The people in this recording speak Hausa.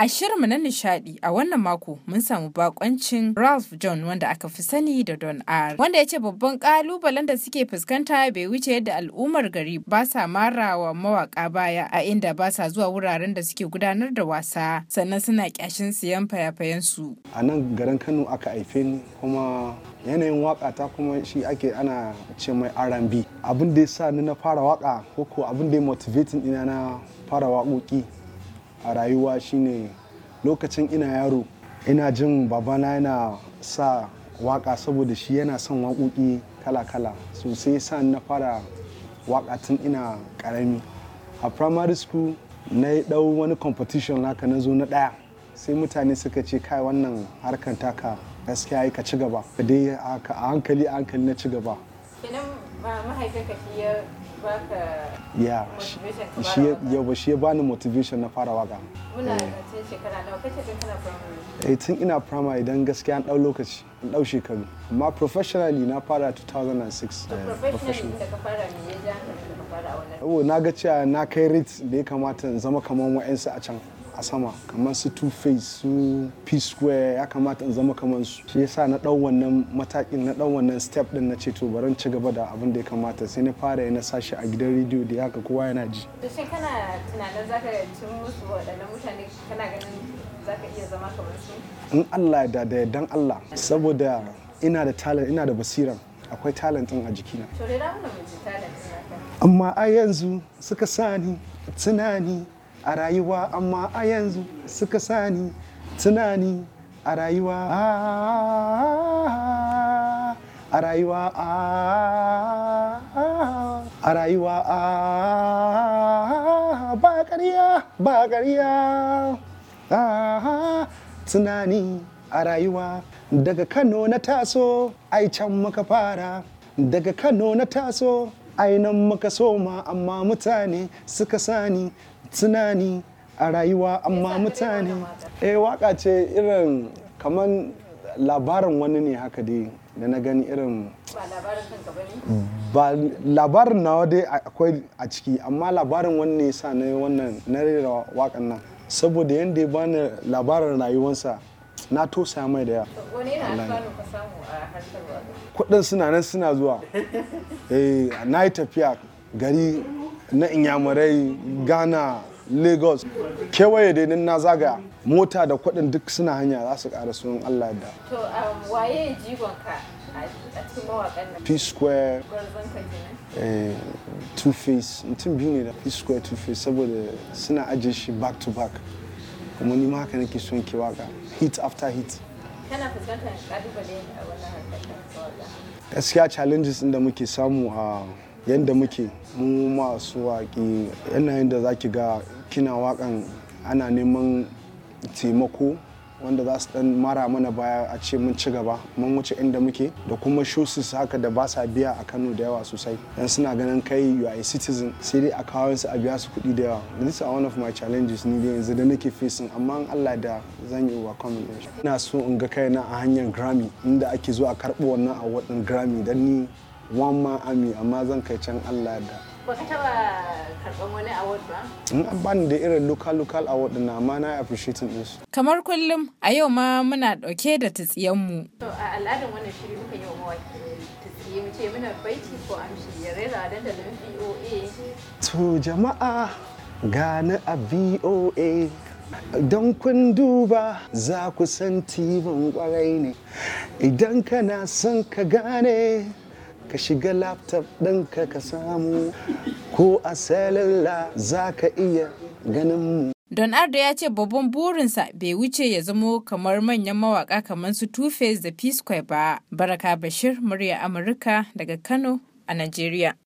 A shirinmu na nishadi a wannan mako mun samu bakoncin Ralph John wanda aka fi sani da Don R. Wanda ya ce babban kalubalen da suke fuskanta bai wuce yadda al'ummar gari ba sa marawa mawaka baya a inda ba sa zuwa wuraren da suke gudanar da wasa sannan suna kyashin siyan fayafayen su. A nan garin Kano aka haife ni kuma yanayin waka ta kuma shi ake ana ce mai R&B. Abin da ya sa ni na fara waka ko ko abin da ya motivating ina na fara waƙoƙi a rayuwa shine lokacin ina yaro ina jin babana yana sa waka saboda shi yana son waƙoƙi kala-kala sosai sa na fara waka tun ina ƙarami a primary school na yi ɗau wani competition naka na zo na ɗaya sai mutane suka ce kai wannan harkar taka gaskiya ka ci gaba dai a hankali hankali na ci gaba ya yeah ba shi ya bani motivation na fara waka muna eh. tun shekara nawa kace tun kana primary eh tun ina primary idan gaskiya an dau lokaci an dau shekaru amma professionally na fara 2006 eh, professionally da ka fara ne ya ja ka fara wannan na ga cewa na kai rate da ya kamata in zama kaman wa'ansu a can a sama kamar su two face su p square ya kamata in zama kamar su shi yasa na dau wannan matakin na dau wannan step din na ce to baran ci gaba da abin da ya kamata sai na fara yana sashi a gidan rediyo da haka kowa yana ji to shi kana tunanin zaka cin musu waɗannan mutane kana ganin zaka iya zama kamar su in Allah ya da dan Allah saboda ina da talent ina da basira akwai talent a jikina to dai na mun talent amma a yanzu suka sani tunani a rayuwa amma a yanzu suka sani tunani a rayuwa a rayuwa a rayuwa ba ƙarya ba ƙarya tunani a rayuwa daga kano na taso ai can muka fara daga kano na taso ainan muka soma amma mutane suka sani tunani a rayuwa amma mutane eh waka ce irin kaman labarin wani ne haka dai da na gani irin ba labarin nawa dai akwai a ciki amma labarin wani ne sa na wannan na rera wakan nan saboda yadda ya bani labarin rayuwansa na tosa mai da yawa wani yana a kudin suna nan suna zuwa eh, na yi tafiya gari na inyamurai ghana lagos kewaye da na zagaya mota da kudin duk suna hanya za su ƙara sunan allah da to um, waye jigonka a cikin mawaƙan nan p-square eh, two face mutum biyu ne da p square two face saboda suna ajiye shi back to back kuma ni ma haka nake son ki waka hit after hit kana fuskantar kalubale a wannan harkar gaskiya challenges din da muke samu a yadda muke mu masu waƙi yanayin da za ki ga kina waƙan ana neman taimako wanda za su dan mara mana baya a ce mun ci gaba mun wuce inda muke da kuma shusis haka da ba sa biya a Kano da yawa sosai dan suna ganin kai you are a citizen sai dai a kawo su a biya su kuɗi da yawa this is one of my challenges ni da yanzu da nake facing amma in Allah da zan yi overcome shi. ina so in ga kaina a hanyar Grammy inda ake zuwa karɓo wannan award din Grammy dan ni wan ma ami amma zan kai can Allah da ba ka taba karban wani award ba in an bani da irin local local award din amma na appreciate din su kamar kullum a yau ma muna dauke da tatsiyan mu to a al'adar wannan shiri muka yi wa mawaki tsiye mu ce muna baiti ko amshi ya rera dandalin VOA to jama'a gane a VOA Don kun duba za ku san tibin kwarai ne, idan kana son ka gane ka shiga laptop ɗinka ka samu ko a salula za ka iya ganin mu. Don Arda ya ce babban burinsa bai wuce ya zamo kamar manyan mawaka kamar su Two-Face da peace square ba. Baraka Bashir, murya Amurka daga Kano a Najeriya.